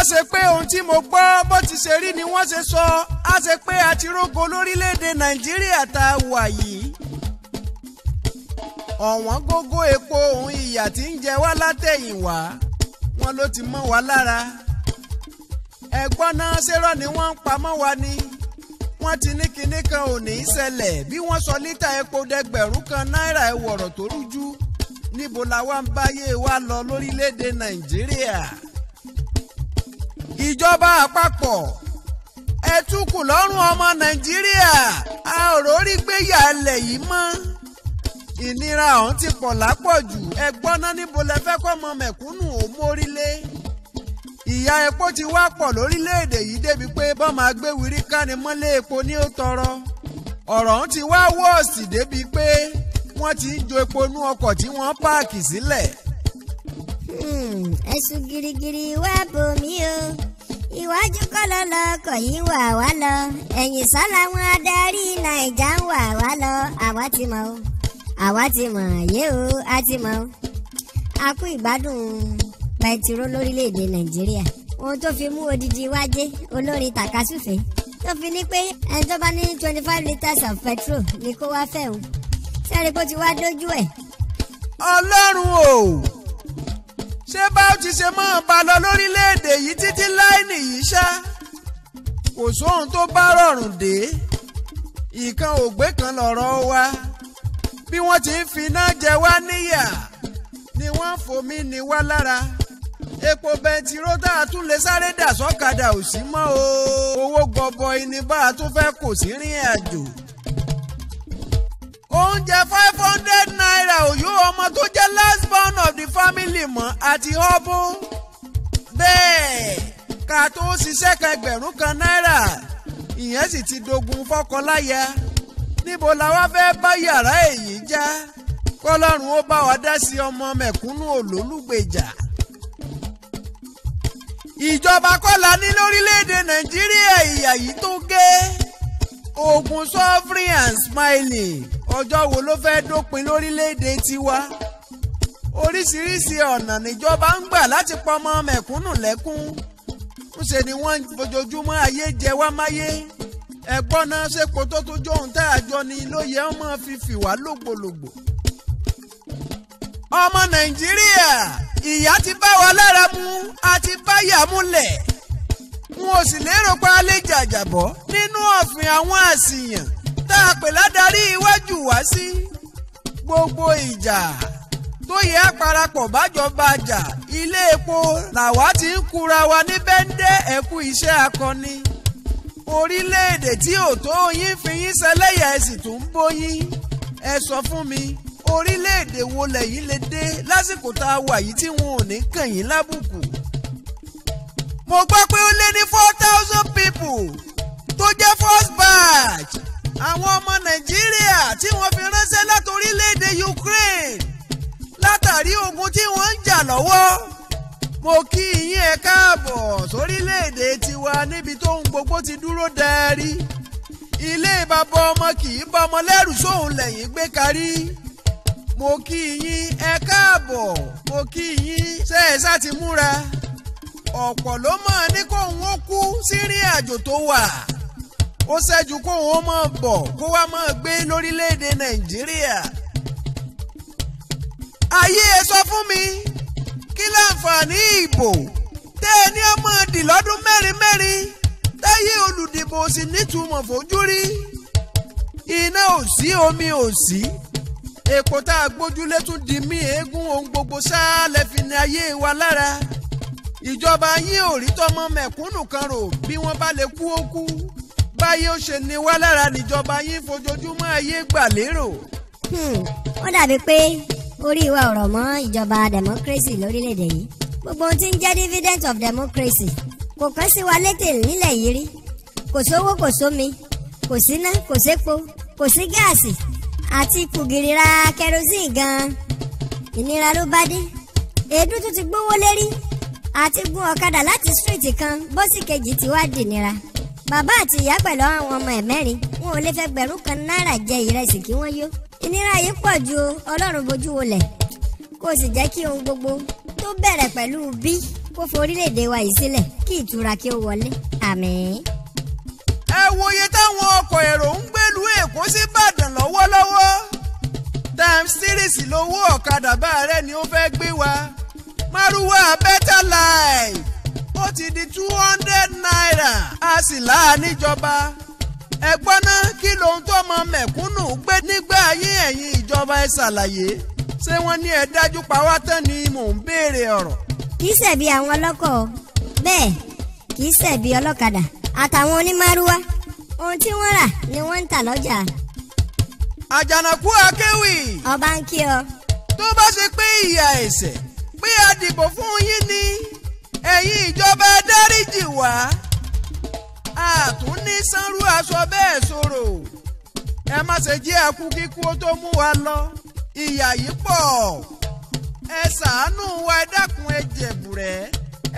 bá ṣe pé ohun tí mo gbọ́ bó ti ṣe rí ni wọ́n ṣe sọ á ṣe pé a ti rógo lórílẹ̀‐èdè nàìjíríà tá a wà yìí. ọ̀wọ́n gógó epo òun ìyà tí ń jẹ wá látẹ̀yìnwá wọn ló ti mọ́ wa lára. ẹ̀gbọ́n náà ni wọ́n ń pamọ́ wa ni wọ́n ti ní kinní kan ò ní í ṣẹlẹ̀ bí wọ́n sọ lítà epo dẹgbẹ̀rún kan náírà ẹ̀wọ̀rọ̀ tó rújú níbo la báyé wa lọ lórílẹ̀‐èdè nàìjíríà ìjọba àpapọ̀ ẹ túkù lọ́rùn ọmọ nàìjíríà a ò rórí gbé yàlẹ̀ yìí mọ́ ìnira ọ̀hún ti pọ̀ lápọ̀jù ẹ gbọ́ná níbo lẹ fẹ́ kọ́ mọ mẹ̀kúnnù ò mórílé ìyá epo ti wá pọ̀ lórílẹ̀‐èdè yìí débi pé bọ́mọ agbéwìrì káni mọ́lé epo ní ó tọrọ ọ̀rọ̀ ọ̀hún ti wá wọ́ọ̀sì débi pé wọ́n ti ń jo epo nú ọkọ̀ tí wọ́n páàkì sílẹ̀. Hmm, ẹ̀sùn gírígírí wá bò o iwájú kọ́lọ́ lọ kò yí wà wá lọ ẹ̀yìn sọ́la wọn adarí nàìjà ń wà wá lọ àwa ti mọ̀ o àwa ti mọ̀ yé o a ti mọ̀ o a kú ìgbádùn pẹtiró lórílẹ̀‐èdè nàìjíríà ohun tó fi mú odidi wájé olórin tàkasúfè tó fi ní pé ẹni tó bá ní twenty five litres of petrol ni kó wá fẹ́ o sẹ́ni kó ti wá dójú ẹ̀. ọlọ́run o ṣé bá ó ti ṣe máa bá lọ lórílẹ̀‐èdè yìí títí láì nìyí ṣá kò sóhun tó bá rọrùn dé ìkan ògbé kan lọ̀rọ̀ wa bí wọ́n ti ń finá jẹ wá níyà ni wọ́n fòmí ni wá lára epo bẹntiró tá a tún lè sáré dà sọ́kadà ò sí mọ́ o owó gọbọi ni tún fẹ́ kò sí rìn àjò oúnjẹ five hundred naira òyò ọmọ tó jẹ́ last born of the family mọ́ àti ọ́bùn bẹ́ẹ̀ ká tó ṣiṣẹ́ kẹgbẹ̀rún kan náírà ìyẹn sì ti dogun fọ́kọláya níbo la wá fẹ́ bá yàrá èyí já kọ́lọ́run ó bá wa dá sí ọmọ mẹ̀kúnnù olólùgbèjà ìjọba kọ́la ní lórílẹ̀‐èdè nàìjíríà ìyà yìí tó gé oògùn suffering and smiling ọjọ́ wo ló fẹ́ dópin lórílẹ̀‐èdè tiwa oríṣiríṣi ọ̀nà níjọba ń gbà láti pọmọ mẹ̀kúnnù lẹ́kún ńṣe ni wọ́n fojoojúmọ́ ayé jẹ wá máyé ẹ̀gbọ́n náà ṣèpò tó tó jóun tá a jọ ni ló yẹ ọmọ fífi wá lògbòlògbò ọmọ nàìjíríà ìyà ti bá wa lára mu a ti bá yà múlẹ̀ n ò sì lérò pé a lè jàjàbọ́ nínú ọ̀fìn àwọn àṣìyàn tá a pè ládarí iwájú wá sí gbogbo ìjà tó yẹ parapọ̀ bájọba jà ilé epo làwa ti ń kura wa ní bẹ́ńdẹ́ ẹ̀kú iṣẹ́ akọni orílẹ̀-èdè tí òtó yín fi yín ṣẹlẹ́yà ẹ sì tún ń bóyín ẹ sọ fún mi orílẹ̀-èdè wo lẹ̀yin lè dé lásìkò tá a wà yìí tí wọn ò ní kàn yín lábùkù mo gbọ́ pé ó lé ní four thousand people tó jẹ́ first batch àwọn ọmọ nàìjíríà tí wọ́n fi ránṣẹ́ láti orílẹ̀-èdè Ukraine látàrí ogun tí wọ́n ń jà lọ́wọ́ mo kí yín ẹ káàbọ̀ sórílẹ̀-èdè tiwa níbi tóun gbogbo ti dúró darí ilé bàbá ọmọ kì í bá ọmọ lẹ́rù sóun lẹ́yìn gbé karí mo kí yín ẹ káàbọ̀ mo kí yín ṣe é sá ti múra ọ̀pọ̀ ló máa ní kóun ó kú sírìn àjò tó wà ó ṣẹ́jú kóun ó máa bọ̀ kó wá máa gbé lórílẹ̀‐èdè nàìjíríà. ayé ẹ sọ fún mi kí láǹfààní ìbò tẹ́ ẹ ọmọ dì lọ́dún mẹ́rin mẹ́rin táyé olùdìbò sì nítumọ̀ fojú rí iná ò sí omi ò sí èpò tá a gbójúlé tún di mí eégún ohun gbogbo sáà lẹ́fìn ní ayé wa lára ìjọba yín ò rí tọmọ mẹ̀kúnnù kan rò bí wọ́n bá lè kú ó kú báyé ó ṣe ni wá lára níjọba yín fojoojúmọ́ ayé gbà lérò. wọ́n hmm, dàbí pé orí wa ọ̀rọ̀ mọ́ ìjọba democracy lórílẹ̀‐èdè yìí gbogbo ohun tí ń jẹ́ dividend of democracy kò kàn sí wa létè nílẹ̀ yìí rí kò sówó kò sómi kò síná kò sépo kò sí gáàsì àti kùgìrì ra gan-an ìnira ló bá dé èédú tún ti gbówó lérí àti gun ọ̀kadà láti stíríìtì kan bọ́ sí kejì ti wá dìnira bàbá àti ìyá pẹ̀lú àwọn ọmọ ẹ̀ mẹ́rin wọn ò lè fẹ́ gbẹ̀rún kan náírà jẹ ìrẹsì kí wọ́n yó ìnira yìí pọ̀ ju ọlọ́run bojú wolẹ̀ kó o sì jẹ́ kí ohun gbogbo tó bẹ̀rẹ̀ pẹ̀lú bí kó forílẹ̀-èdè wa yìí sílẹ̀ kí ìtura kí ó wọlé àmín. ẹ wòye táwọn ọkọ̀ èrò ń gbélú èkó sí ìbàdàn lọ́wọ́lọ́wọ́ times series lówó ọ̀kadà bá rẹ̀ ni ó fẹ́ gbé wa. maruwa better life ó ti di two hundred naira a sì láà níjọba ẹ̀gbọ́n náà kí lóhun tó mọ mẹ̀kúnnù gbé nígbà ayé ẹ̀yin ìjọba ẹ̀ ṣàlàyé ṣé wọ́n ní ẹ̀ dájú pa wá tán ni mò ń béèrè ọ̀rọ̀. kì í ṣẹ̀bi àwọn ọlọ́kọ̀ bẹ́ẹ̀ kì í ṣẹ̀bi ọlọ́kadà àtàwọn onímárúwá ohun tí wọ́n rà ni wọ́n ń tà lọ́jà. àjànàkú akéwì. ọba ń kí ọ. tó bá ṣe pé ìyà ẹ̀ṣẹ̀ torí a dìbò fún yín ni ẹ̀yin ìjọba ẹ dáríjì wá a tún ní sanrú aṣọ bẹ́ẹ̀ ṣòro ẹ má ṣe jẹ́ ẹkú kíkú tó mú wa lọ ìyà yìí pọ̀ ẹ ṣàánú wa ẹ dákun ẹ jẹ̀bùrẹ́.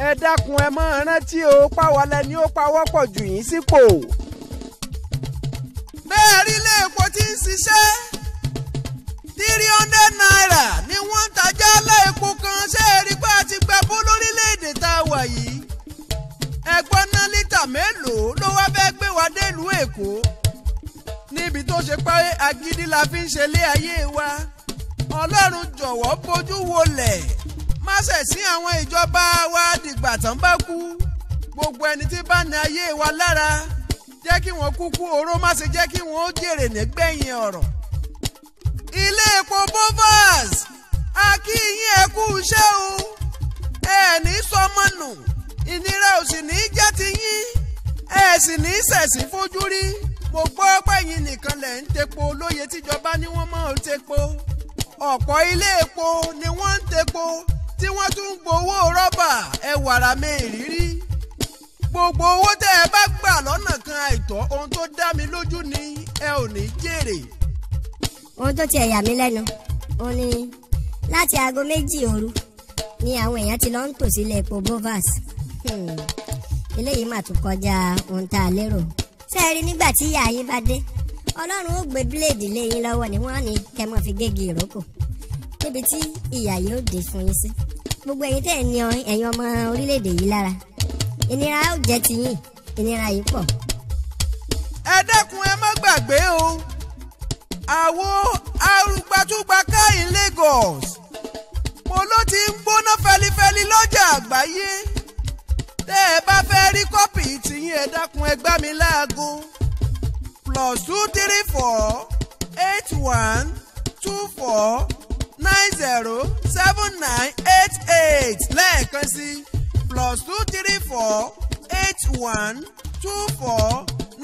ẹ dákun ẹ máa rántí o páwọlẹ ni ó pawọ́pọ̀ jù yín sípò. bẹ́ẹ̀ rí ilé epo tí ń ṣiṣẹ́ three hundred naira ni wọ́n ń tajà láìpo kan ṣé ẹ rí pé a ti gba bó lórílẹ̀‐èdè tá a wà yìí ẹgbọ́n ná lítà mélòó ló wá fẹ́ gbé wa délùú èkó níbi tó ṣe pé agídí la fi ń ṣe lé ayé wa ọlọ́run jọ̀wọ́ bójú wolẹ̀ má ṣe sí àwọn ìjọba wa dìgbà tán bá kú gbogbo ẹni tí bá ní ayé wa lára jẹ́ kí wọ́n kúkú oró má ṣe jẹ́ kí wọ́n jèrè nígbẹ̀yìn ọ̀rọ̀ ilé epo bovas a kí yín ẹ kú iṣẹ́ o ẹ̀ẹ́nì sọmọnù ìnira ò sì ní í jẹ́ ti yín ẹ sì ní í fojú rí mo gbọ́ pẹ̀yìn nìkan lẹ̀ ń tepo olóye tíjọba ni wọ́n máa ń tepo ọ̀pọ̀ ilé epo ni wọ́n ń tepo tí wọ́n tún ń gbowó rọ́bà ẹ wàrà mi ìrírí gbogbo owó tẹ́ ẹ bá gbà lọ́nà kan àìtọ́ ohun tó dá mi lójú ni ẹ ò ní jèrè ohun tó tiẹ̀ yà mí lẹ́nu òun ni láti aago méjì òru ni àwọn èèyàn ti lọ ń tò sílẹ̀ epo bovas hmm. eléyìí mà tún kọjá ohun tá a lérò ṣé ẹ rí nígbà tí ìyá yín bá dé ọlọ́run ó gbé bíléèdì lé yín lọ́wọ́ ni wọ́n á ní kẹ́ mọ́ fi gégi ìrókò níbi tí ìyà yóò dé fún yín sí gbogbo ẹ̀yin tẹ́ ní ẹ̀yin ọmọ orílẹ̀-èdè yìí lára ìnira ó jẹ́ tiyín ìnira yìí pọ̀. ẹ dẹ́kun ẹ má gbàgbé o àwo àtúgbàká in Lagos mo ló ti ń gbóná fẹlifẹli lọ́jà àgbáyé tẹ́ ẹ bá fẹ́ rí kọ́pì tìyín ẹ dákun ẹ gbá mi láago plus two three four eight one two four nine zero seven nine eight eight lẹ́ẹ̀kan sí plus two three four eight one two four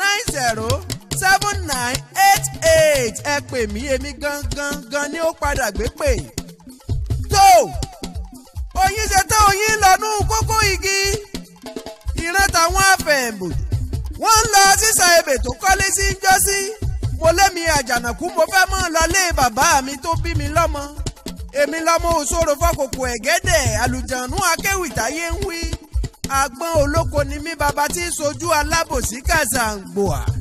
nine zero seven nine eight eight ẹ pè mí èmi gangan gan ni ó padà gbé pè. tó oyin ṣe tán oyin lọ́nú kókó igi ìran táwọn afẹ̀ǹbòdò wọ́n ń lọ sísà ebè tó kọ́lé sí jọ́sí mo lémi àjànàkú mo fẹ́ mọ́ lọlé bàbá mi tó bí mi lọ́mọ èmi lọ́mọ òṣòro fọkòkò ẹ̀gẹ́dẹ̀ àlùjànú akéwìtáyé ń wí àgbọn olóko ni mi baba tí ń sojú alábòsí kàzàǹgbòà.